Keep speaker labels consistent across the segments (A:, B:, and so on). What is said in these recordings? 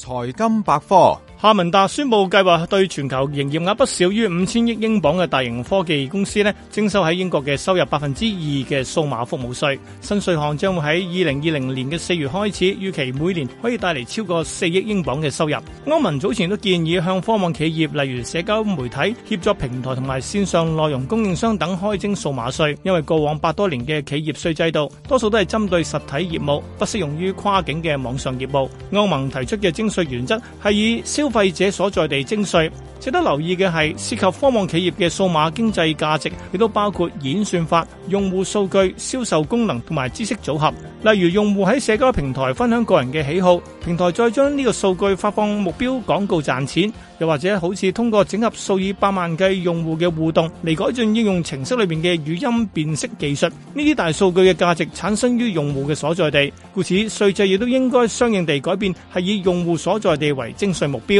A: 財金百科。夏文達宣布計劃對全球營業額不少於五千億英鎊嘅大型科技公司咧，徵收喺英國嘅收入百分之二嘅數碼服務稅。新稅項將會喺二零二零年嘅四月開始，預期每年可以帶嚟超過四億英鎊嘅收入。歐盟早前都建議向科網企業，例如社交媒體、協作平台同埋線上內容供應商等開徵數碼稅，因為過往百多年嘅企業稅制度多數都係針對實體業務，不適用於跨境嘅網上業務。歐盟提出嘅徵稅原則係以消費者所在地徵稅，值得留意嘅係涉及科網企業嘅數碼經濟價值，亦都包括演算法、用戶數據、銷售功能同埋知識組合。例如，用戶喺社交平台分享個人嘅喜好，平台再將呢個數據發放目標廣告賺錢，又或者好似通過整合數以百萬計用戶嘅互動嚟改進應用程式裏面嘅語音辨識技術。呢啲大數據嘅價值產生於用戶嘅所在地，故此稅制亦都應該相應地改變，係以用戶所在地為徵稅目標。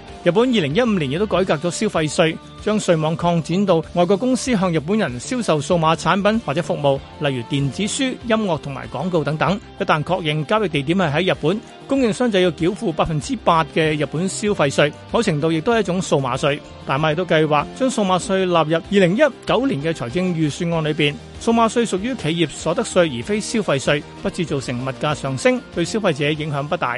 A: 日本二零一五年亦都改革咗消費稅，將稅網擴展到外國公司向日本人銷售數碼產品或者服務，例如電子書、音樂同埋廣告等等。一旦確認交易地點係喺日本，供應商就要繳付百分之八嘅日本消費稅，某程度亦都係一種數碼稅。大馬亦都計劃將數碼稅納入二零一九年嘅財政預算案裏邊。數碼稅屬於企業所得稅而非消費稅，不致造成物價上升，對消費者影響不大。